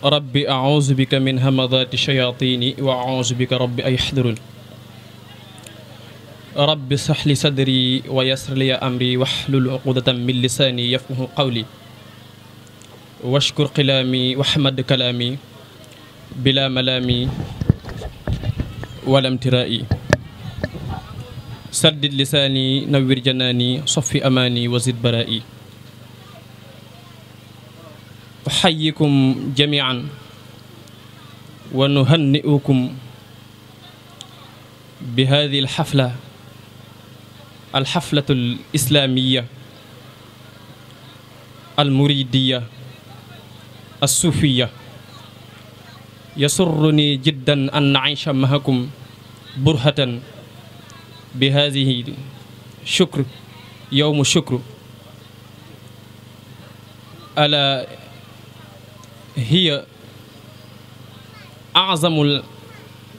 rabbi auzu bika min hamadaati shayaatini wa auzu bika rabbi ay yaxdurun rabbi saxli sadri wa yasr li amri waxlul uqudatan min lisaani yafqahu qawli washkur qilaami waxmad kalaami bila malaami wala mtiraa'i saddid lisaani nawwir janaani soffi amaani wa zid baraa'i nuxayikum jamian wa nuhanni'ukum bi hadihi alxafla alxaflatu alislaamiya almuridiya alsuufiya yasurruni jiddan an naisha mahakum burhatan bi hadihi shukr yowmu shukr ala hiya azamul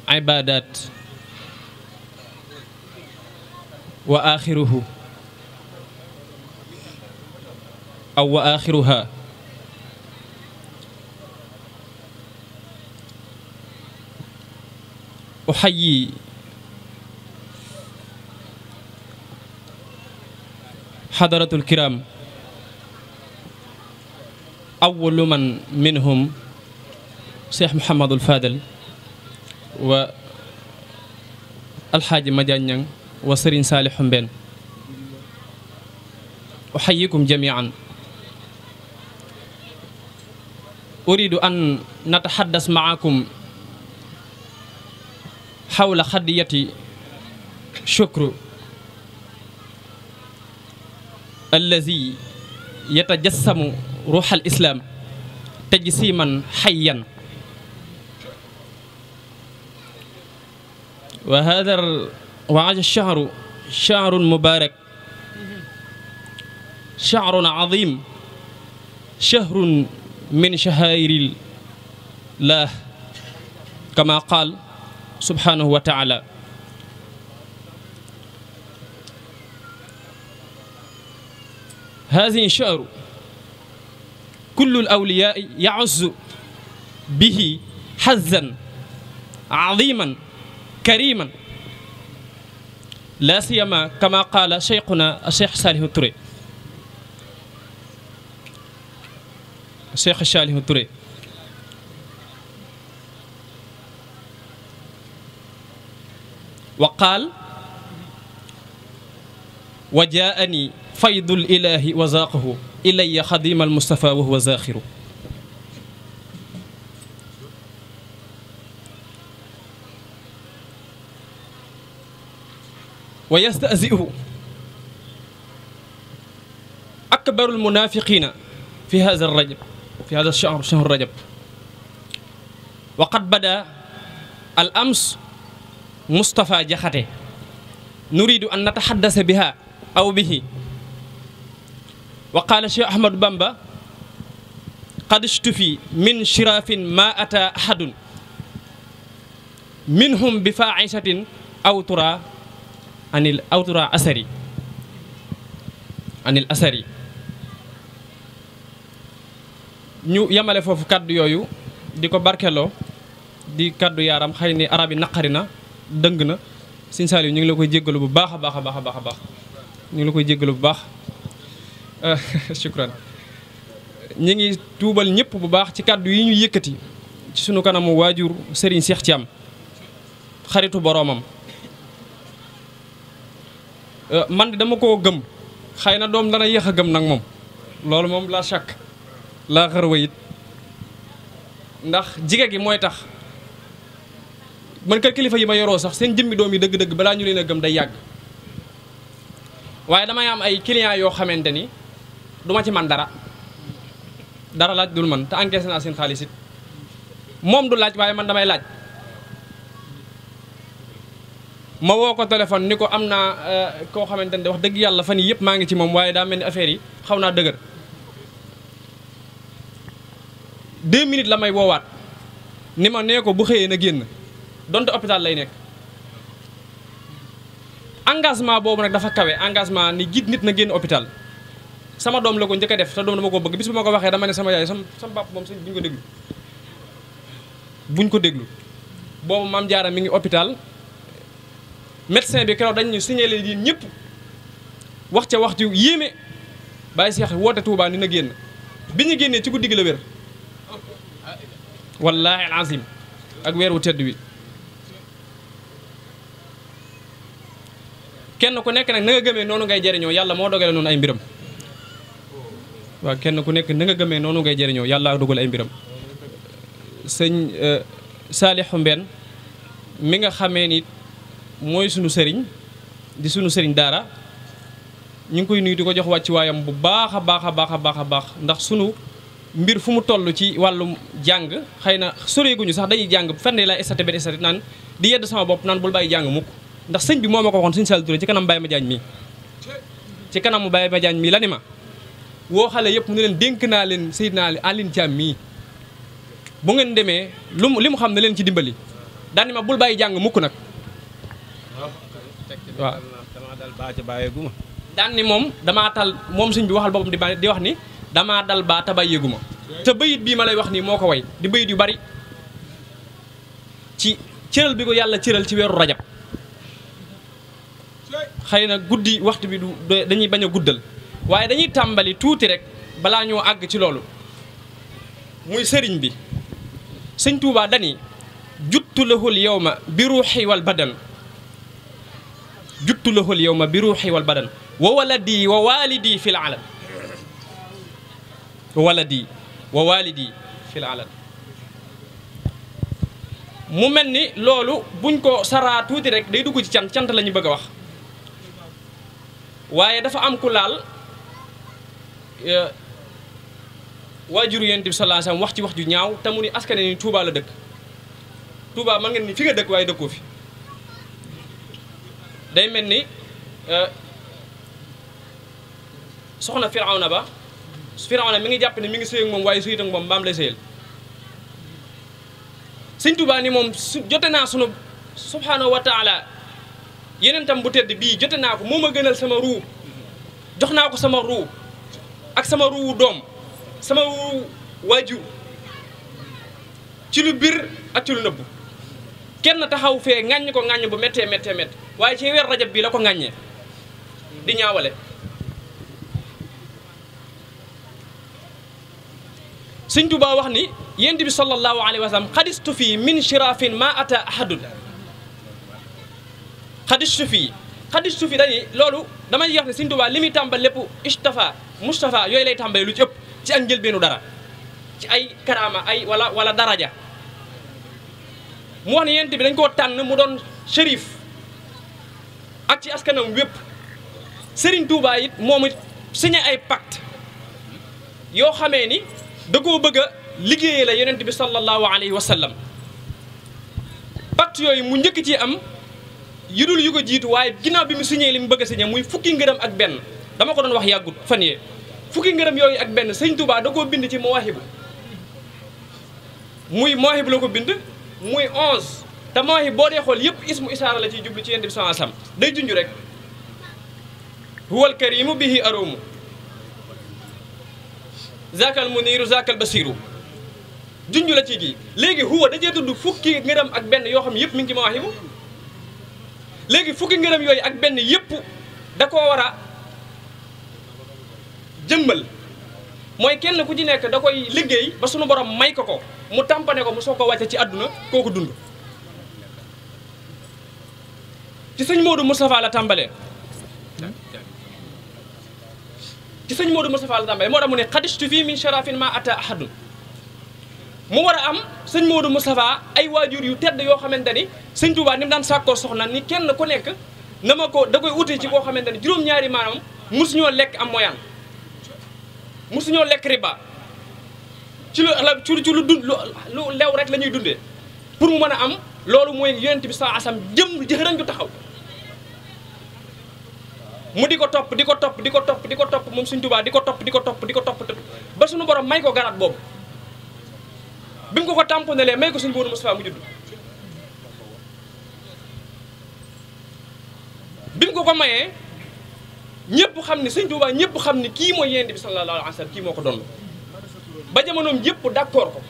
ibadat wa axiruhu aw wa axiruha uxayi xadaratul kiram awwalu man minhum cheikh Mouhamadul Fadel wa alxaaji Madiagne wa Serigne Saliou Mbène uxayikum jamian uridu an nataxaddas maakum xawla xadiyati shukru allazi yatajassamu ruuxal islaam tajsiman xayyan wa hada wa hada shahru shahrun mubarak shahrun azim shahrun min shahairil lah kama qaal subhanahu wa taala haadihi shahru kullul awliyaa yauzzu bihi hazan aziman kariman la siyama kama qaala cheikhuna cheikh saalihu Touré cheikh saalihu Touré wa qaal wa jaani faydul ilahi wa zaaqahu ilayya xadimal Mustafa wa huwa zaaxiru wa yastahzi'uhu akbarul munaafiqiina fi haazaa rajab fi haazaa shahr shahr rajab wa qad badaa al ams Moustapha Diakhaté nuriidu an nataxaddasa bihaa aw bihi wa qaala cheikh ahmadou bamba qad fi min shiraafin ma ata ahadun minhum bi faaishatin awtura anil awtura asari anil asari ñu yamale foofu kàddu yooyu di ko barkeloo di kàddu yaaram xëy ni arab yi naqari na dëng na Sëñ Saliou ñu ngi la koy jéggalu bu baax baax a baax a ñu ngi la koy jéggalu bu baax shukran ñi ngi tuubal ñëpp bu baax ci kàddu yi ñu yëkkati ci sunu kanamu waajur sëriñ Serigne ci am xaritu boroomam euh, man di dama koo gëm xëy na doom dana yéex a gëm nag moom loolu moom laa chàkk laa xarwa it ndax jige gi mooy tax man kër kilifa yi ma yoroo sax seen jëmmi doom yi dëgg-dëgg balaa ñu leen a gëm day yàgg waaye damay am ay clients yoo xamante ni duma ci man dara dara laaj dul man te encaissé seen xaalis it moom du laaj waaye man damay laaj ma woo ko téléphone ni ko am naa euh, koo xamante ne wax dëgg yàlla fan yii yëpp maa ngi ci moom waaye daa mel ni affaire yi xaw naa dëgër deux minutes la may woowaat ni ma nee ko bu xëyee na génn donte hôpital lay nekk engagement boobu nag dafa kawe engagement ni jiit nit na génn hôpital sama doom la ko njëkk def sa doom dama ko bëgg bis bu ma ko waxee dama ne sama yaay sama sama bàpp moom sëñ buñ ko déglu buñ ko déglu boobu maam jaara mi ngi hôpital médecin bi keroog dañ ñu signalé yéen ñëpp wax ca waxtu yéeme bàyyi seex woote Touba ni na génn bi ñu génnee ci guddi gi la wér wallaahi alazim ak weer wu tedd wi kenn ku nekk nag na nga gëmee noonu ngay jëriñoo yàlla moo dogale noonu ay mbiram waaw kenn ku nekk na nga gëmee noonu ngay jariñoo yàlla dugal ay mbiram sëñ euh, Saalixu Mbenn mi nga xamee ni mooy sunu sëriñ di sunu sëriñ daara ñu ngi koy nuyu di ko jox waayam bu baax a baax a baax a baax a baax ndax sunu mbir fu mu toll ci wàllum jàng xay na soreeguñu sax dañuy jàng fenn laa estate benn estate naan di yedd sama bopp naan bul bàyyi jàng mukk ndax sëñ bi moom ma waxoon sëñ Saliou Touré ci kanam Baye Madiagne mii ci kanam Baye Madiagne la ni ma woo xale yëpp mu ne leen dénk naa leen Seydina Alioune Thiam mii bu ngeen demee lu mu li mu xam ne leen ci dimbali daani ma bul bàyyi jàng mukk nag waaw daan ni moom dama tal moom suñ bi waxal boppam di di wax ni damaa dal baa tabayeegu ma te bayit bii ma lay wax nii moo ko way di bayit yu bari ci cëral bi ko yàlla cëral ci weeru rajab xëy na guddi waxtu bi du dañuy bañ a guddal waaye dañuy tàmbali tuuti rek balaa ñoo àgg ci loolu muy sëriñ bi sëñ Tuubaa dani juttu lahul yawma bi ruuxi wal badan juttu lahul di wa waladi fil alam wa waladi wa walidi fil alam mu mel ni loolu buñ ko saraa tuuti rek day dugg ci can cant la ñu bëgg a wax waaye dafa am ku laal Euh, waajuru yonent bi sallallahu alayhi wax ci wax ju ñaaw te mu ni askan ni Touba la dëkk Touba man ngeen ni fi nga dëkk waaye dëkkoo fi day mel ni euh, soxna Firawna ba Firawna mi ngi jàpp ne mi ngi sëy moom waaye sëy ak moom sëyal sëñ Touba ni moom su jote naa sunu subhaanahu wa taala yeneen tam bu tedd bii jote naa ko moom a gënal sama ruu jox naa ko sama ruu ak sama ruwu doom sama ruwu waajur ci lu biir ak ci lu nëbbu kenn taxaw fee ŋàññ ko ŋàññ bu méttee méttee métt waaye ci weer rajab bi la ko ŋàññee di ñaawale sëñ Tuubaa wax ni yént bi sallallahu alayhi wa sallam xadistu fii min shirafin ma ata ahadun xadistu fii xadistu fii dañuy loolu damay wax ne Sëriñ Tuubaa li muy tàmbal lépp Istafa Mustafa yooyu lay tàmbalee lu ci ëpp ci ak njëlbeenu dara ci ay karaama ay wala walla daraja mu wax ne yent bi dañ koo tànn mu doon shérif ak ci askanam wépp Sëriñ Tuubaa it moom it signé ay pacte yoo xamee ni da koo bëgg a liggéeyee la yonent bi sallallahu alayhi wa sallam yooyu mu njëkk ci am yu dul yu ko jiitu waaye ginnaaw bi mu siñee li mu bëgg a signé muy fukki ngërëm ak benn dama ko doon wax yàggut fan yee fukki ngërëm yooyu ak benn sëñ Touba da koo bind ci Mawaahibu muy Mawaahibu la ko bind muy 11 te Mawaahibu boo dee xool yëpp ismu isaara la ciy jublu ci yéen bi sama asam day junj rek huwal karimu bihi arumu zakal muniru zakal basiru junj la ci gi léegi huwa dajee tudd fukki ngërëm ak benn yoo xam yëpp mi ngi ci Mawaahibu léegi fukki ngërëm yooyu ak benn yépp da koo war a jëmmal mooy kenn ku ci nekk da koy liggéey ba sunu borom may ko ko mu tàmpane ko mu soog ko wàcce ci àdduna kooku dund ci sëñ Modou Moustapha la tàmbalee ci sëñ Modou Moustapha la tàmbalee moo tax mu ne xadistu fii min sharafin ma ata ahadun mu war a am sëñ Modou Moustapha ay waajur yu tedd yoo xamante ni sëñ Touba ni mu daan sàkkoo soxna ni kenn ku nekk na ma ko da koy uti ci koo xamante ni juróom-ñaari maanaam mosuñoo lekk am moyaan mosuñoo lekk riba ci lu ci ci lu dund lu lew rek lañuy ñuy dundee pour mu mën a am loolu mooy yonent bi saa asam jëm jëxëran ju taxaw mu di ko topp di ko topp di ko topp di ko topp moom sëñ Touba di ko topp di ko topp di ko topp ba suñu borom may ko garab boobu bi mu ko ko tamponelee may ko suñu Moodu Moustapha mu judd bi mu ko ko mayee ñëpp xam ni sëñ Tuubaa ñëpp xam ni kii mooy yonent bi sallallahu alayhi wa kii moo ko doon ba jamonoom yëpp d'accord ko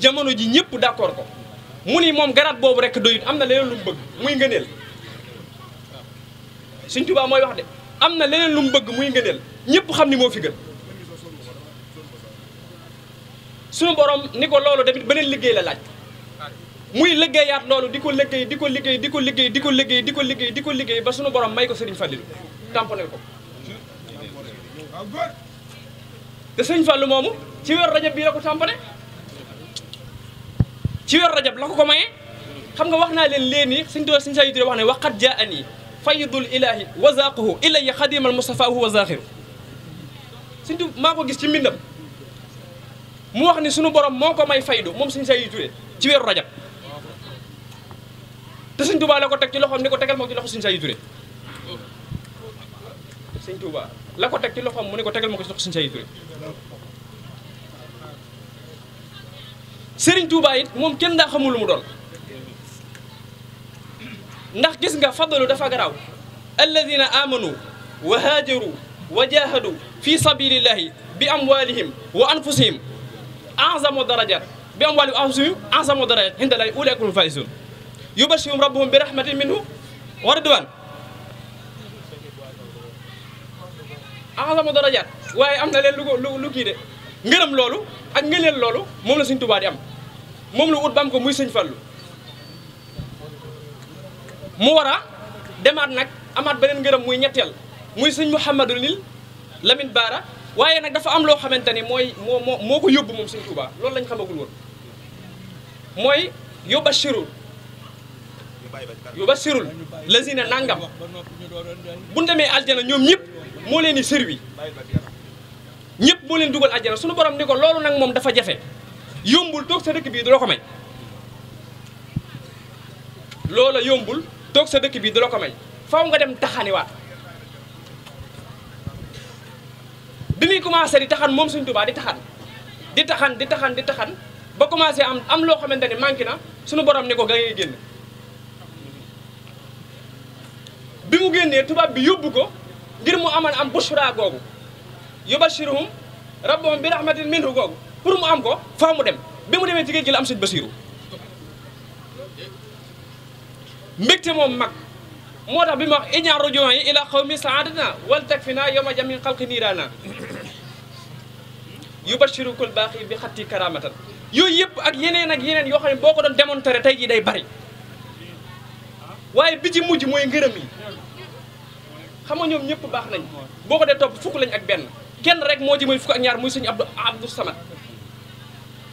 jamono ji ñëpp d'accord ko mu ni moom garaat boobu rek doyut am na leneen lu mu bëgg muy ngëneel sëñ Tuubaa mooy wax de am na leneen lu mu bëgg muy ngëneel ñëpp xam ni moo fi gën suñu borom ni ko loolu tamit beneen liggéey la laaj muy liggéeyaat loolu di ko liggéey di ko liggéey di ko liggéey di ko liggéey di ko liggéey di ko liggéey ba suñu borom may ko Serigne Fallou tamponel ko te Serigne Fallou moomu ci weer rajab bii la ko tamponé ci weer rajab la ko ko maye xam nga wax naa leen léen yi suñ doo suñ saa yu wax ne waxat jaa an yi faydul ilaahi wazaaqahu ilayya xadimal mustafa huwa zaaxiru sëñ Tuubaa maa ko gis ci mbindam mu wax ni sunu borom moo ko may faydu moom sëñ Saliou Touré ci weeru rajab te sëñ Tuubaa la ko teg ci loxoom ni ko tegal ma ko ci loxo sëñ Saliou Touré sëñ Tuubaa la ko teg ci loxoom mu ne ko tegal ma ko ci moom kenn daa xamul lu mu doon ndax gis nga fadlu dafa garaaw alladina amanu wa haajaru wa jahadu fi sabilillahi bi amwalihim wa anfusihim anzamu darajat bi amwalihim wa anfusihim anzamu darajat inda llahi ulaikum faizun yubashirhum rabbuhum bi rahmatin minhu wa ridwan anzamu darajat waaye am na leen lu ko lu de ngërëm loolu ak ngëneel loolu moom la Sëñ Tuubaa am moom la ut ko muy Sëñ Fallu mu war a demaat nag amaat beneen ngërëm muy ñetteel muy sëñ Mouhamadou Nil Lamine Baara waaye nag dafa am loo xamante ni mooy moo moo ko yóbbu moom sëñ Touba loolu lañ xamagul woon mooy yóbbashiru yóbbashirul lazina nangam bu demee aljana ñoom ñëpp moo leen di servi ñëpp moo leen dugal aljana suñu borom ni ko loolu nag moom dafa jafe yombul toog sa dëkk bii du la ko may loola yombul toog sa dëkk bii du la ko may faaw nga dem taxani taxaniwaat bi muy commencé di taxan moom suñ tubaa di taxan di taxan di taxan di taxan ba commencé am am loo xamante ni manqué na suñu borom ne ko ga ngay génn bi mu génnee tubaab bi yóbbu ko ngir mu amal am bushra googu yubashiruhum rabbuhum bi rahmatin minhu googu pour mu am ko faaw mu dem bi mu demee ci géej gi am suñ basiru mbégte moom mag moo tax bi mu wax iñaar rujuwan yi ila xawmi saadana wal tag fi naa yowma jamin xalqi niiraana yubashiru kul baaxi bi xatti karamatan yooyu yëpp ak yeneen ak yeneen yoo xam ne boo ko doon démontrer tey jii day bari waaye bi mujj mooy ngërëm yi nga ñoom ñëpp baax nañ boo ko dee topp fukk lañ ak benn kenn rek moo ji muy fukk ak ñaar muy sëñ Abdou Abdou Samad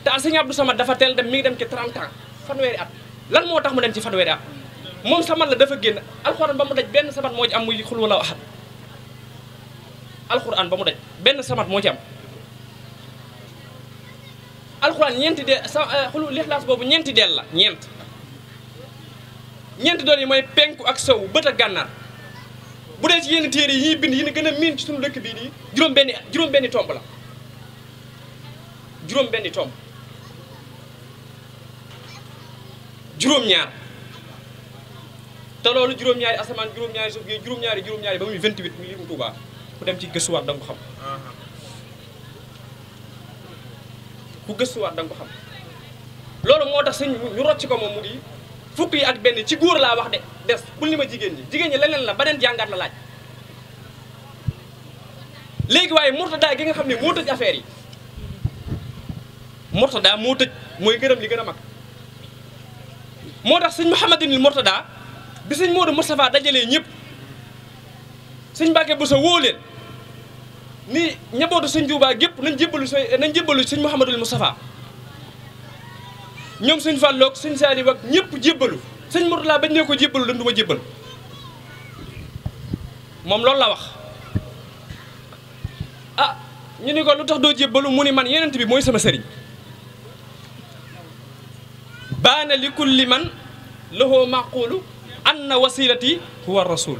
te sëñ Abdou Samad dafa teel dem mi ngi dem ci 30 ans fanweeri at lan moo tax mu dem ci fanweeri at moom samat la dafa génn alxuraan ba mu daj benn samat moo ci am muy xul wala axat alxuraan ba mu daj benn samat moo ci am alxuraan ñeenti de sa eh, xulu lixlaas boobu ñeenti deel la ñeent ñeenti doon yi mooy penku ak sow bët ak gànnaar bu dee ci yenn téere yi bind yi ne gën a miin ci suñu dëkk bii nii juróom benni juróom benni tomb la juróom benni tomb juróom ñaar te loolu juróom-ñaari asamaan juróom-ñaari suuf yooyu juróom-ñaari juróom-ñaari ba muy 28 muy limu Touba ku dem ci gëstuwaat da nga ko xam ku gëstuwaat da nga ko xam loolu moo tax sëñ ñu rocc ko moom mu ngi fukk yi ak benn ci góor laa wax de des bul ni ma jigéen ñi jigéen ñi leneen la beneen jàngat la laaj léegi waaye Mourtada gi nga xam ne moo tëj affaire yi Mourtada moo tëj mooy gërëm li gën a mag moo tax sëñ Mouhamadinil Mourtada bi sëñ Modou Moustapha dajalee ñëpp sëñ Mbacke bu sa woo ni ñabootu sëñ Touba gépp nañ jéppalu sa nañ jébbalu sëñ Mouhamadul Moustapha ñoom sëñ Falloog sëñ Saari wak ñëpp jébbalu sëñ laa bañ ne ko jébbalu dañ du ma moom loolu la wax a ah, ñu ni ko lu tax doo jébbalu mu ni man yeneent bi mooy sama sëriñ baana li kulli man lahu maqulu anna wasilati huwa rasul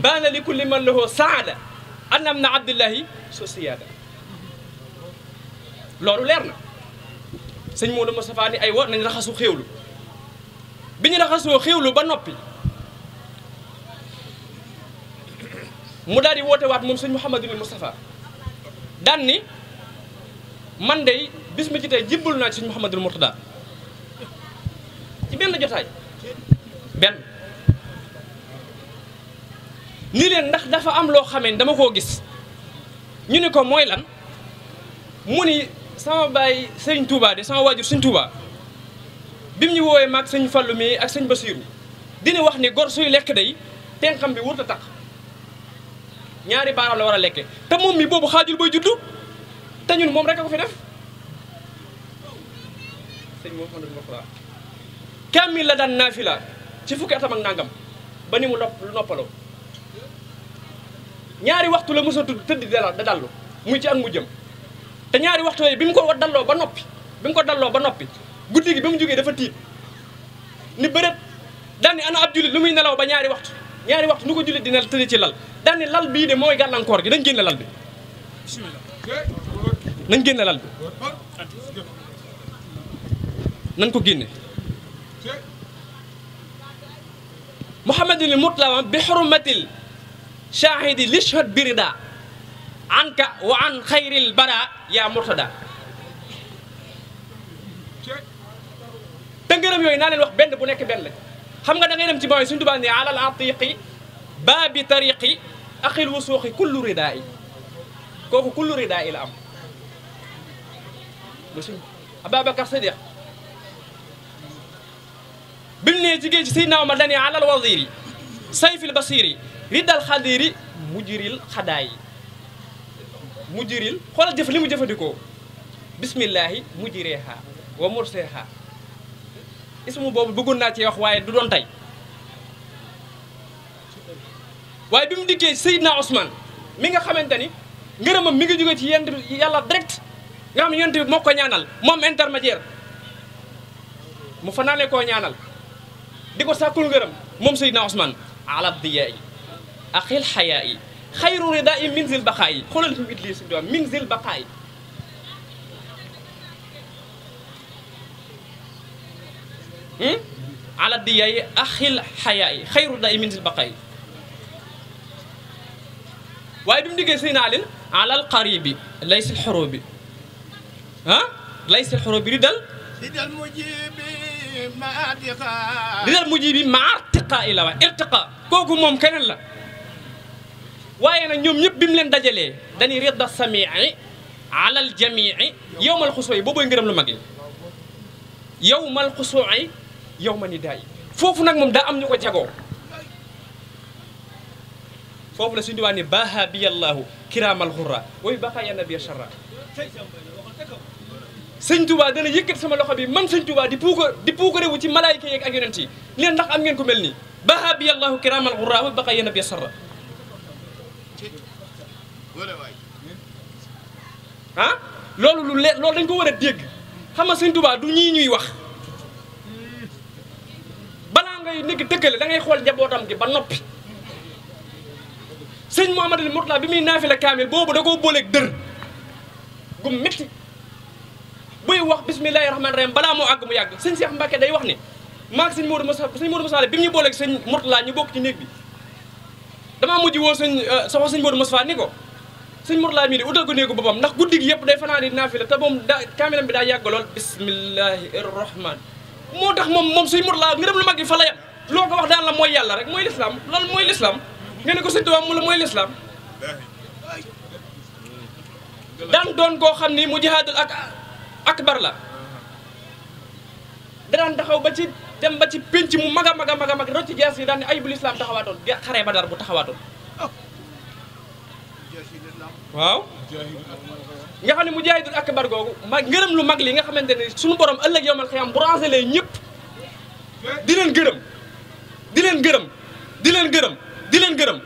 baana li kulli man lahu saada anna am na abdillahi so siyaada loolu leer na sëñ Modou Moustapha ni ay wa nañ raxasu xéewlu bi ñu raxasoo xéewlu ba noppi mu daal di woote waat moom sëñ Mouhamadul Moustapha daan ni man day bis mi ci tey jébbalu naa ci sëñ Mouhamadul ci benn jotaay benn ni leen ndax dafa am loo xamee ni dama koo gis ñu ne ko mooy lan mu ni sama baay sëñ Touba de sama waajur sëñ Touba bi mu ñu woowee maag sëñ Fallu mi ak sëñ Basiiru dina wax ni gor suy lekk day tenxam bi wurta tax ñaari baaraam la war a lekke te moom mi boobu xaajul bay juddu te ñun moom rek a ko fi def sëñ moom kaamil la daan naafila ci fukki atam ak nangam ba ni mu nopp lu noppaloo ñaari waxtu la musa a tudd tëdd da dallu muy ci ak mu jëm te ñaari waxtu bi mu ko dalloo ba noppi bi mu ko dalloo ba noppi guddi gi ba mu jógee dafa tiit ni bërëb daan ni ana ab jullit lu muy nelaw ba ñaari waxtu ñaari waxtu nu ko jullit dina tëdd ci lal daan lal bii de mooy gàllankoor gi dañ génne lal bi nañ génne lal bi nañ ko génne muhammadul mutlama bi xurmatil shahidi lishhad birida anka wa an xayril bara yaa murtada tëngërëm yooyu naa leen wax benn bu nekk benn la xam nga da ngay dem ci mooy suñu tubaab ne alal atiqi baabi tariqi axil wusuuxi kullu ridaa yi kooku kullu ridaa yi la am. Ababacar Sadiq bi mu nee ci géej Seydina Omar dañuy alal waziri sayfil basiri riddal xadiri mujjiril xadaay mujjiril xoolal jëf li mu jëfandikoo bismillaahi mujjireeha wa murseeha ismu boobu bëggoon naa ci wax waaye du doon tey waaye bi mu dikkee Seydina Ousmane mi nga xamante ni ngërëmam mi ngi jóge ci yent bi yàlla direct nga xam yent bi moo ko ñaanal moom intermédiaire mu fanaane koo ñaanal di ko sàkkul ngërëm moom Seydina Ousmane alab diyaa yi axil xayaa yi xayru rida yi minzil baqaa yi xoolal fi wit lii suñu doom minzil baqaa yi hmm? alab diyaa yi axil xayaa yi xayru rida bi mu Alin alal qaribi laysil xoro bi ah laysil xoro lilal mujibi maa irtiqaa la waa kooku moom keneen la waaye na ñoom ñëpp bi leen dajalee dañuy ridda samii alal jamii yowmal xusooy boobooy ngërëm lu mag li yowmal xusooy yowma nidaay foofu nag moom daa am ñu ko jagoo foofu la suñu diwaan ne baaha biyallaahu kiraamal xurra way baqaaya sëñ Touba dana yëkkat sama loxo bi man sëñ Touba di puuka di puukare wu ci malaayika yeeg ak yonent yi leen ndax am ngeen ko mel nii ba bi allahu kiraamal xurraa wa baqa a bi lu leer loolu dañ ko war a dégg xam nga sëñ Touba du ñii ñuy wax balaa ngay nekk dëkkale da xool njabootam gi ba noppi sëñ Mouhamadul Mourtala bi muy naafila kaamil boobu da koo booleeg dër gu métti buy wax bismillahi rahmaani rahim balaa moo àgg mu yàgg sëñ Cheikh Mbacke day wax ni maag sëñ Modou Moussa sëñ Modou Moussa bi mu ñu booleeg sëñ Mourtala ñu bokk ci bi damaa mujj woo sëñ euh, sa sëñ Modou Moussa ni ko sëñ Mourtala mii di utal ko néegu boppam ndax nax gi yëpp day fanaan di naafila te moom da kaamilam bi daa yàgg lool bismillahi moo tax moom moom sëñ Mourtala ngërëm lu mag gi fala ya yem loo ko wax daan la mooy yàlla rek mooy lislaam loolu mooy lislaam nga ne ko sëñ Tuubaa mu la mooy lislaam daan doon koo xam ni mu jihaadul ak bar la danaan taxaw ba ci dem ba ci pénc mu mag a mag a mag a mag rocci jaas yi daan ne ayibul islam taxawaatoon xaree ba dar bu taxawaatoon waaw nga xam ne mu jaahidul akbar googu ma ngërëm lu mag li nga xamante ne su suñu borom ëllëg yowmal xiyaam bu rangelee ñëpp di leen gërëm di leen gërëm di leen gërëm di leen gërëm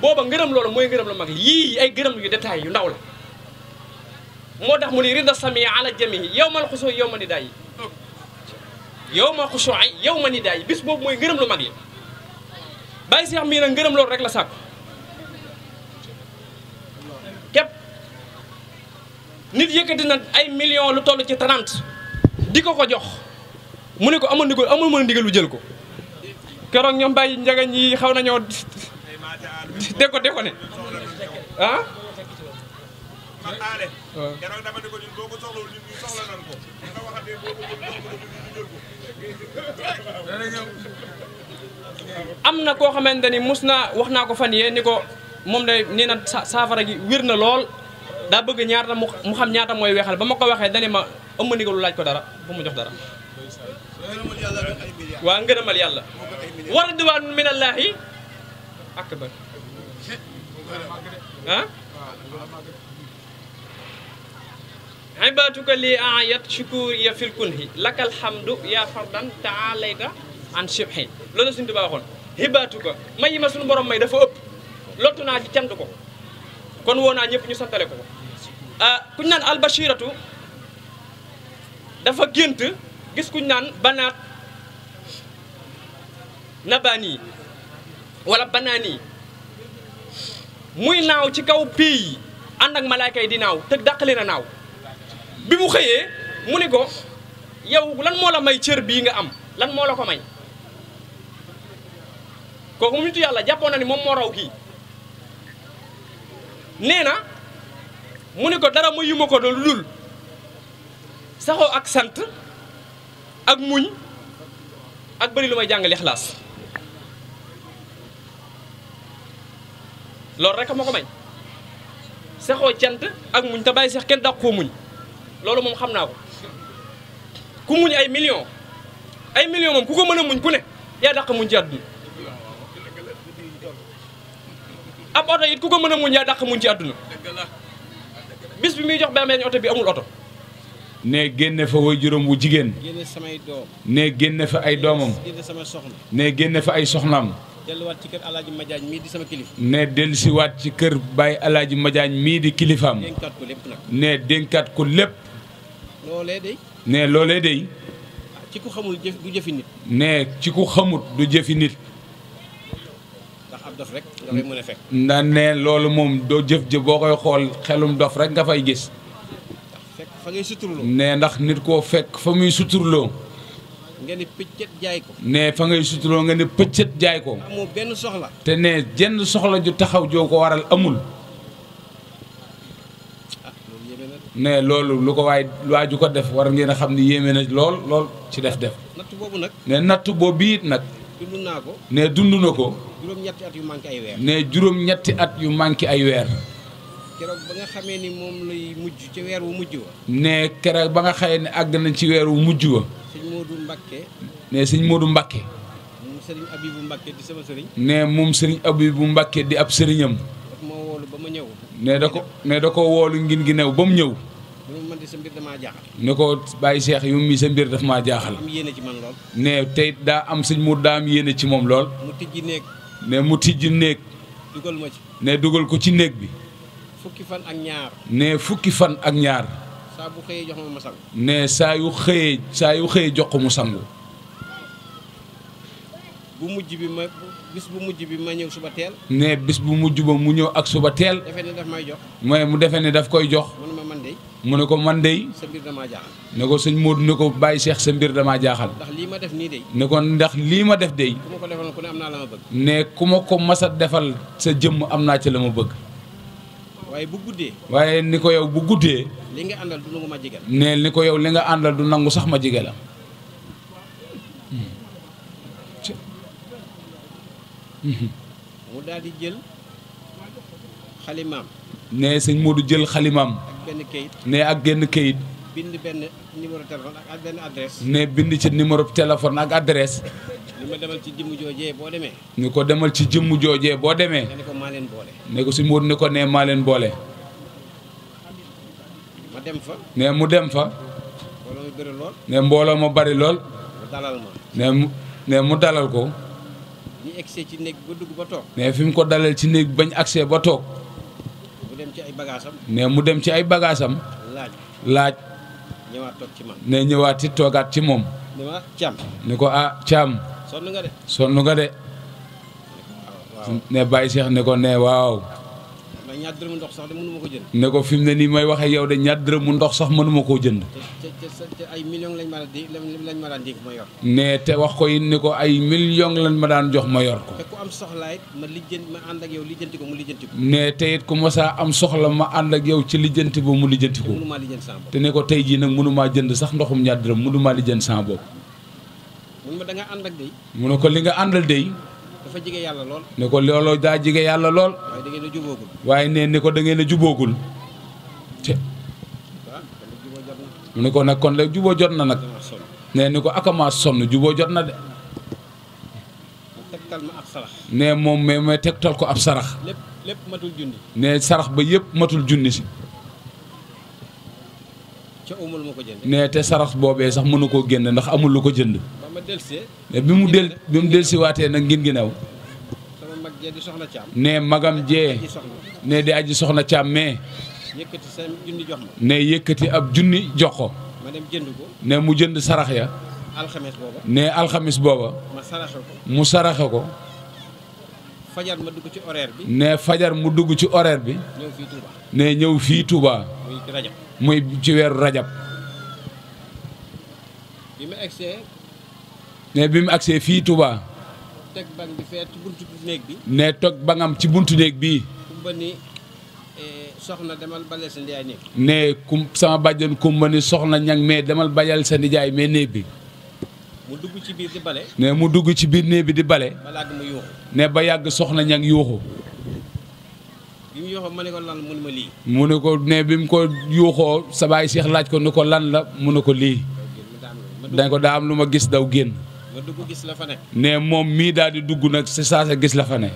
booba ngërëm loolu mooy ngërëm lu mag li ay gërëm yu détail yu ndaw la moo tax mu ni rida sami ala jamihi yow mal xusoo yow ma ni daay yi yow ma xusoo ay yow ma ni daay yi bis boobu mooy ngërëm lu mag yi bàyyi seex mii nag ngërëm loolu rek la sàkku képp nit yëkkati na ay million lu toll ci 30 di ko ko jox mu ne ko amul ndigal amul mën a ndigal lu jël ko keroog ñoom bàyyi njagañ yi xaw nañoo de ko de ko ne ah ma xaale am na koo xamante ni mus naa wax naa ko fan yee ni ko moom day nee na saafara ji wér na lool daa bëgg ñaata mu xam ñaata mooy weexal ba ma ko waxee dani ma ëmb ni ko laaj ko dara bu mu jox dara waa ngërëmal yàlla war a diwaan minallaahi akbar ibaatuka li ayat shukur ya fil kunhi lakal hamdu ya fardan taalayta an shibhi loolu suñu hibaatuka may yi ma suñu borom may dafa ëpp lottu naa ci ko kon woo naa ñëpp ñu santale ko ko ah, kuñ naan albashiratu dafa gént gis kuñ naan banaat nabaani wala banaani muy naaw ci kaw pii ànd ak malaayka yi di naaw te dàqali na naaw bi mu xëyee mu ni ko yow lan moo la may cër bii nga am lan moo la ko may kooku mu nitu yàlla jàppoon na ni moom moo raw kii nee na mu ni ko dara ma yuma ko lu dul saxoo ak sant ak muñ ak bëri lu may jàngale xalaas loolu rek a ma ko may saxoo cant ak muñ te bàyyi seex kenn dàq koo muñ loolu moom xam naa ko ku muñ ay millions ay millions moom ku ko mën a muñ ku ne yaa dàq muñ ci àdduna it ku ko mën a muñ yaa muñ ci àdduna bis bi muy jox benn oto bi amul oto. ne génne fa way juróom wu jigéen. génne samay doom. ne génne fa ay doomam. génne sama soxna. ne génne fa ay soxnaam. delluwaat ci kër Alaaji mii di sama kilifa. ne dellusiwaat ci kër Baye Alaaji Madiagne mii di kilifaam. dénkaat lépp nag. ne dénkaat ko lépp. loolee day. ne loole day. ci xamul du jëfi nit. ne ci ku xamut du jëfi nit. ndax ab dof rek nga koy mën fekk. ndax ne loolu moom doo jëf-jëf boo koy xool xelum dof rek nga fay gis. fekk fa ngay suturloo. ne ndax nit koo fekk fa muy suturloo. nga ne pëccët jaay ko. ne fa ngay suturloo nga ne pëccët jaay ko. benn soxla. te ne jenn soxla ju taxaw joo ko waral amul. ne loolu lu ko waay waa ju ko def war ngeen a xam ni yéeme na lool lool ci def-def. natt boobu nag. ne natt boobu it nag. dund naa ko. ne dund ko. juróom-ñetti at yu manqué ay weer. ne juróom-ñetti at yu manqué ay weer. keroog xamee ni moom lay mujj ci weer wu mujj wa. ne keroog ba nga xamee ne àgg nañ ci weer mujj wa. sëñ Modou Mbakke. ne sëñ Modou Mbakke. moom sëriñ Abibu Mbakke di sama sëriñ. ne moom sëriñ Abibu Mbakke di ab sëriñam. ba ñëw. ne da ko ne da ko woolu ngin gi new ba mu ñëw. man di sa mbir damaa jaaxal. ko bàyyi Cheikh yu mi sa mbir daf maa jaaxal. am yéene ci man lool. ne tey daa am sëñ mu daam am yéene ci moom lool. mu tijji néeg. ne mu tijji néeg. dugal ma ci. ne dugal ko ci néeg bi. fukki fan ak ñaar. ne fukki fan ak ñaar. bu xëyee jox ma ne saa yu xëyee saa yu xëyee jox ko mu sangu. bu mujj bi ma bis bu mujj bi ma ñëw suba teel. ne bis bu mujj ba mu ñëw ak suba teel. defe ne daf may jox. mooy mu defe ni daf koy jox. mu ne ma man de. mu ne ko man dey sa mbir damaa ne ko sëñ Modou ne ko bàyyi seex sa mbir damaa jaaxal. ndax lii ma def nii de. ne ko ndax lii ma def de. ku ma ko defal ne naa la ma bëgg. ne ku ma ko mas defal sa jëmm am naa ci la ma bëgg. waaye bu guddee. waaye ni ko yow bu guddee. li nga àndal du nangu ma jege ne ni ko yow li nga àndal du nangu sax ma jege la. mu daal di jël xalimaam. ne sëñ Modou jël xalimaam. benn kayit ne ak genn kayit. bind benn numéro téléphone ak benn adresse. ne bind ci numéro téléphone ak adresse. ni ma demal ci jëmm joojee boo demee. ni ko demal ci jëmm joojee boo demee. ne ko boole. ne si Mour ni ko ne maaleen boole. ma dem ne mu dem fa. mbooloo ma bëri lool. ne mbooloo lool. mu ne mu ne mu dalal ko. ñu egsee ci néeg mais fi mu ko dalal ci néeg bañ agsee ba toog. mu dem ci ay bagaasam. mais mu dem ci ay bagaasam. laaj laaj. ñëwaat ne ñëwaat ci toogaat ci moom. ne ni ko ah Thiam. sonn nga de. sonn nga de. ne Baye Cheikh ne ko ne waaw. ñaar ko jënd. ne ko fi mu ne nii may waxee yow de ñaar dërëmu ndox sax mënuma koo jënd. te ay millions lañ ma daan ne te wax ko it ne ko ay millions lañ ma daan jox ma yor ko. te ku am soxlaa it ma lijjanti ma ànd ak yow lijjanti ko mu lijjanti ko. ne te it ku mos a am soxla ma ànd ak yow ci lijjanti ba mu lijjanti ko. te ne ko tey jii nag mënumaa jënd sax ndoxum ñaar dërëm mënumaa lijjanti sama bopp. mu ne ko li nga àndal day dafa jige yàlla lool. ne ko looloo daa jige yàlla lool. waaye da ngeen a waaye nee ni ko da ngeen a jubóogul. te. mu ne ko nag kon léegi juboo jot na nag. nee ni ko akamaa sonn juboo jot na de. ne moom mais mais tegtal ko ab sarax. lépp matul junni. ne sarax ba yëpp matul junni si. ca amul ma ko jënd. ne te sarax boobee sax mënu koo génn ndax amul lu ko jënd. ne bi mu del bi mu delsi waatee nag ngin ginaaw ne magam jee ne di aj soxna caam mais ne yëkkati ab junni jox ko ne mu jënd sarax ya ne alxamis booba mu saraxe ko fajar ci horaire bi. ne fajar mu dugg ci horaire bi. ñëw fii Touba. ne ñëw fii Touba. muy ci rajab. muy weeru rajab. ne bi mu agsee fii Touba. teg ne toog bangam ci buntu néeg bii. Eh, soxna demal bayal ne kum sama bàjjen kumba ni soxna ñang mais demal bajal sa nijaay mais néeg bi. mu dugg ci biir di bale. ne mu dugg ci biir néeg bi di bale. ba yàgg soxna ñang yuuxu. bi mu yuuxoo ma ne ko lan la mu ne ma lii. mu ne ko ne bi mu ko yuuxoo sa baay Cheikh laaj ko ni ko lan la mu ne ko lii. dañ ko daa am lu ma gis daw génn. nga dugg gis la fa nekk. ne moom mii daal di dugg nag si saa sa gis la fa ne.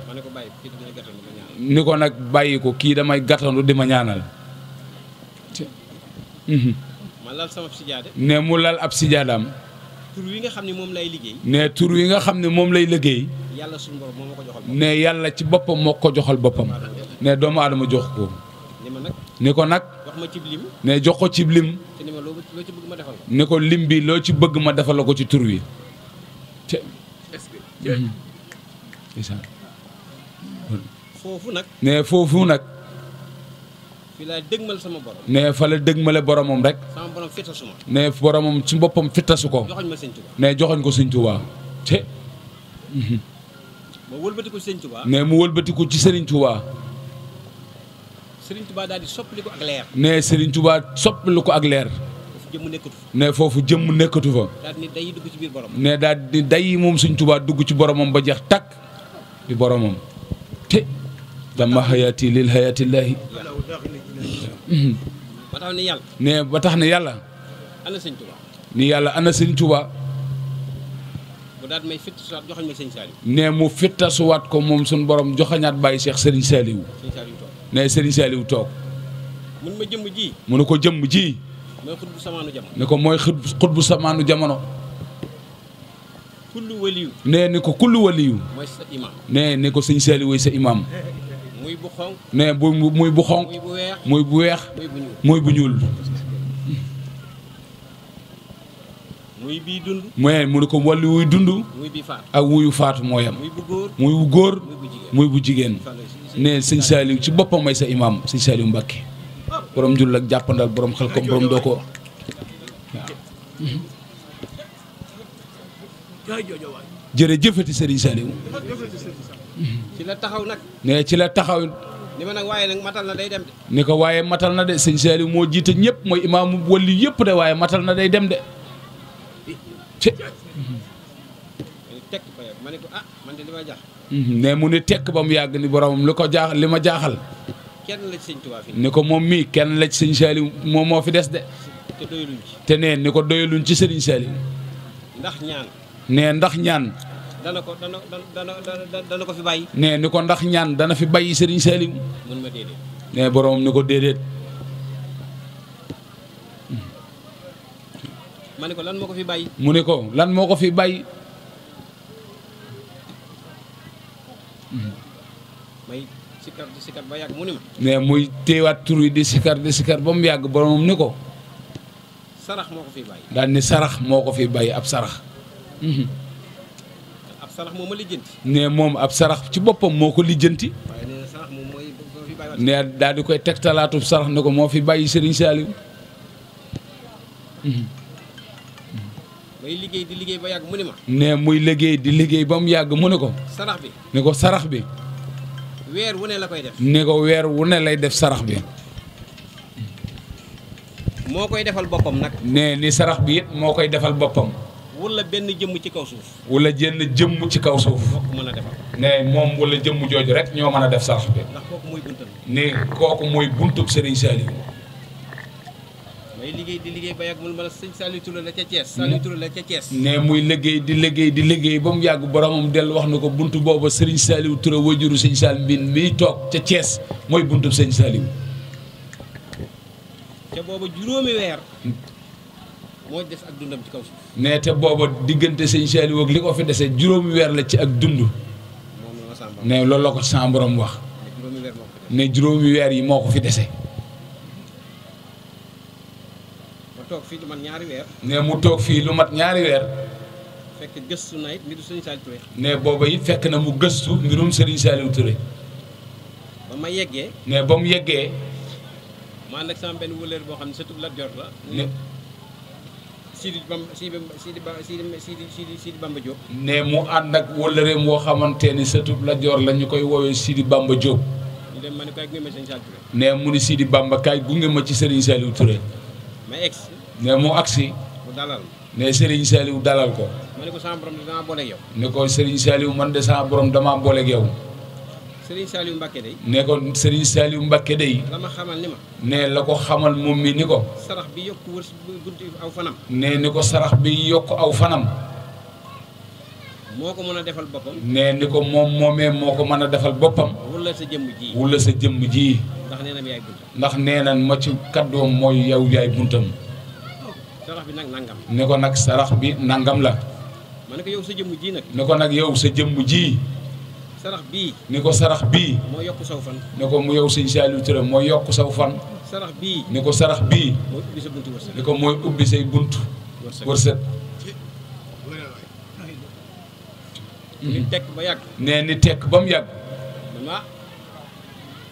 ni ko nag bàyyi ko kii damay gàttandu di ma ñaanal. Mhm. ma lal sama sijaada. ne mu lal ab sijaadaam. tur nga xam ne moom lay liggéey. ne tur wi nga xam ne moom lay liggéey. yàlla suñu borom moo ko joxal boppam. ne yàlla ci boppam moo ko joxal boppam. ne doomu aadama jox ko. ni ko nag. wax ma cib lim. ne jox ko cib lim. ni ko lim bi loo ci bëgg ma defal ko ci tur wi. foofu nag. mais foofu nag. fi laa dëgmal sama borom. mais fa la dëgmale boromam rek. sama borom boromam ci boppam fittasu ko. joxoñ ma sëñ Tuubaa. mais joxoñ ko sëñ Tuubaa te. Mhm. ma wëlbatiku mais mu wëlbatiku ci Serigne Tuubaa. Serigne Tuubaa daal di soppali ko ak leer. mais Serigne Tuubaa soppali ko ak leer. jëmm nekkatu fa. ne foofu jëmm nekkatu fa. daal di ne day dugg ci daal di day moom suñ tubaab dugg ci boromam ba jeex takk di boromam te dama xayaati lil xayaatillaahi. ba ne ba tax ne yàlla. ana sëñ tuba. ni yàlla ana sëñ tuba. mu daal may fittasuwaat joxañ ma ne mu fittasuwaat ko moom suñ borom joxañaat bàyyi Cheikh Serigne Saliou. Serigne Saliou toog. ne Serigne Saliou toog. mun ma jëmm ji. mun ko jëmm ji. mooy xut bu ni ko mooy xut bu samaanu jamono. kullu waliyu. nee ni ko kullu waliyu. mooy sa imaam. nee ni ko sëñ Saliou sa imaam. muy bu xonq. nee bu muy bu weex. muy bu ñuul. muy bii dund. mu ne ko wàllu wuy dund. muy bi faatu ak wuyu faatu mooyam yem. muy bu góor muy bu góor. muy bu jigéen. nee sëñ Saliou ci boppam mooy sa imaam sëñ Saliou Mbacke. boroom jur ak jàppandal borom xel kom borom doo ko waaw. jërëjëfati Serigne Saliou. ci la taxaw nag. ne ci la taxaw. ni ma nag waaye nag matal na day dem ni ko waaye matal na de sëñ Saliou moo jiite ñëpp mooy imaamu wali yëpp de waaye matal na day dem de. te. Ah, mhm, ne mu ne tekk ba mu yàgg ni boromam li ko jaaxal li ma jaaxal. kenn la ci sëñ ni ko moom mii kenn la ci sëñ Saliou moom moo fi des de. te nee ni ko doyaluñ ci sëriñ Saliou. ndax ñaan. nee ndax ñaan. dana ko dana dana ko fi bàyyi. nee ni ko ndax ñaan dana fi bàyyi sëriñ Saliou. mun ma nee boroom ni ko déedéet. ma ne ko lan ko fi bàyyi. mu ne lan moo ko fi bàyyi. may sikar mu ni mais muy téewaat tur yi di sikar di sikar ba mu yàgg boromam ni ko. sarax moo ko sarax moo ko fiy bàyyi ab sarax. Mhm. ab sarax moo ma lijjanti. sarax ci boppam moo ko lijjanti. moom mooy di koy tegtalaatu sarax ne ko moo fi bàyyi Serigne Saliou. muy mhm. liggéey di ba mu ni ma. ne muy liggéey di liggéey ba mu yàgg mu ne ko. sarax bi ne ko sarax bi. weer wu ne la koy def. ni ko weer wu ne lay def sarax bi. moo koy defal boppam nag. ne ni sarax bi it moo koy defal boppam. wala benn jëmm ci kaw suuf. wala jenn jëmm ci kaw suuf. mën a defal. nee moom wala jëmm jooju rek ñoo mën a def sarax bi. ndax kooku mooy buntam. nee kooku yi may liggéey di liggéey ba yàgg mun ma la sëñ Saliou Touré la ca Thiès Saliou Touré la ca Thiès ne muy liggéey di liggéey di liggéey ba mu yàgg boromam dellu wax na ko buntu booba sëriñ Saliou Touré wajuru sëñ Saliou Mbine miy toog ca cees mooy buntu sëñ Saliou te booba juróomi weer moo des ak dundam ci kaw suuf te booba diggante sëñ Saliou ak li ko fi desee juróomi weer la ci ak dund ne loolu la ko sa borom wax ne juróomi weer yi moo ko fi dese toog fii lu mat ñaari weer. ne mu toog fii lu mat ñaari weer. fekk gëstu na it mbiru Serigne Saliou ne booba it fekk na mu gëstu mbirum Serigne Saliou Touré. ba ma yeggee. ne ba mu yeggee. ma ànd ak sama benn wëlër boo xam ne sëtub Lat Joor la. ne Sidi Bamba Sidi Sidi Sidi Sidi Bamba Diop. ne mu ànd ak wëlëreem boo xamante ni sëtub Lat Joor la ñu koy woowee Sidi Bamba Diop. ñu dem ma ne kaay gunge ma Serigne Saliou mu ni Sidi Bamba bu gunge ma ci Serigne Saliou Touré. ne mu agsi mu dalal ne Serigne Saliou dalal ko. mu ko sama borom damaa booleeg yow. ne ko man de sama borom damaa booleeg yow. Serigne Saliou Mbacke day. ne ko Serigne Saliou Mbacke day. la ma xamal ne la ko xamal moom mi ni ko. sarax bi yokk wër buntu ne ni ko sarax bi yokk aw fanam. moo ko mën a defal boppam. ne ni ko moom moomee moo ko mën a defal boppam. wula sa jëmm ji wula sa jëmm ji. ndax nee na ma ndax nee na ma ci kàddoom mooy yow yaay buntam. sarax bi nag nangam. ne ko nag sarax bi nangam la. ma ko yow sa jëmm ji nag. ne nag yow sa jëmm ji. sarax bii. ni ko sarax bii. moo yokk saw ko mu yow sëñ Saliou Touré moo yokk saw fan. sarax bii. ni ko sarax bii. mooy ni ko mooy ubbi say buntu. wërsëg ni tekk ba yàgg. nee ni tekk ba mu yàgg.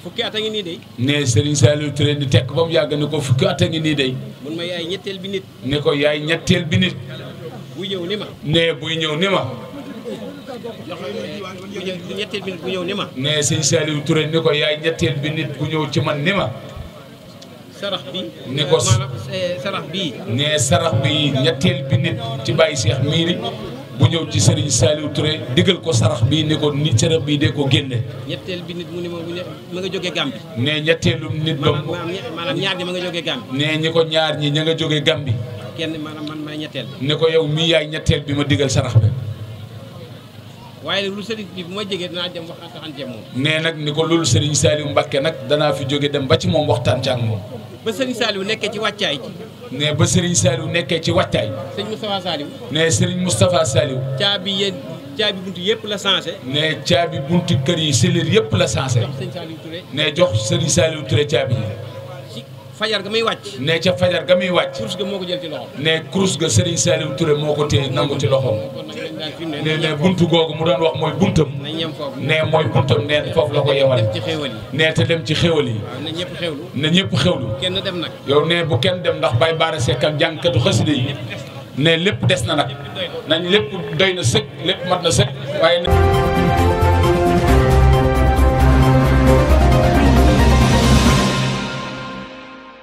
fukki at a ngi nii de. ne Serigne Saliou Touré di tekk ba mu yàgg ne ko fukki at ngi nii de. mun ma yaay ñetteel bi nit. ne ko yaay ñetteel bi nit. buy ñëw ni ma. buy ñëw ni ma. bu ñëw ni ma. ne Serigne Saliou Touré ni ko yaay ñetteel bi nit bu ñëw ci man ni ma. sarax bi ne ko eh, sarax bii. sarax bi ñetteel bi nit ci bàyyi Cheikh Miiri. bu ñëw ci Serigne Saliou Touré digal ko sarax bii ni ko ni sarax bii dee ko génne. ñetteel bi nit mu ne ma ma nga jógee Gambie. ne ñetteelum nit ba mu. nga jógee Gambie. ne ñi ko ñaar ñi ña nga jógee Gambie. kenn maanaam man may ñetteel. ni ko yow mii yaay ñetteel bi ma digal sarax bi. waaye lu Serigne bi bu ma jógee danaa dem waxtaan ak moom. nee nag ni ko loolu Serigne Saliou Mbacke nag danaa fi jóge dem ba ci moom waxtaan ci ak moom. ba Serigne Saliou nekkee ci wàccaay ji. ne ba Serigne Saliou nekkee ci wattaay. Serigne Moustapha Saliou. ne Serigne Moustapha Saliou. caabi yéen caabi buntu yëpp la changé. ne caabi buntu kër yi sëlir yëpp la changé. jox Serigne Saliou Touré. ne jox Serigne Saliou Touré caabi yi. fajar ga muy wàcc. ne ca fajar ga muy wàcc. kurus ga moo ko jël ci loxoom. ne kurus ga Serigne Saliou Touré moo ko téye nangu ci loxoom. ne ne buntu googu mu doon wax mooy buntam. ne mooy buntam ne foofu la ko yewal. ne te dem ci xéwal yi. ne ñëpp xéwlu. ne ñëpp xéwlu. kenn dem nag. yow ne bu kenn dem ndax Baye Bara Seck ak jàngkatu xasida yi ne lépp des na nag nañ lépp doy na sëkk lépp mat na sëkk waaye.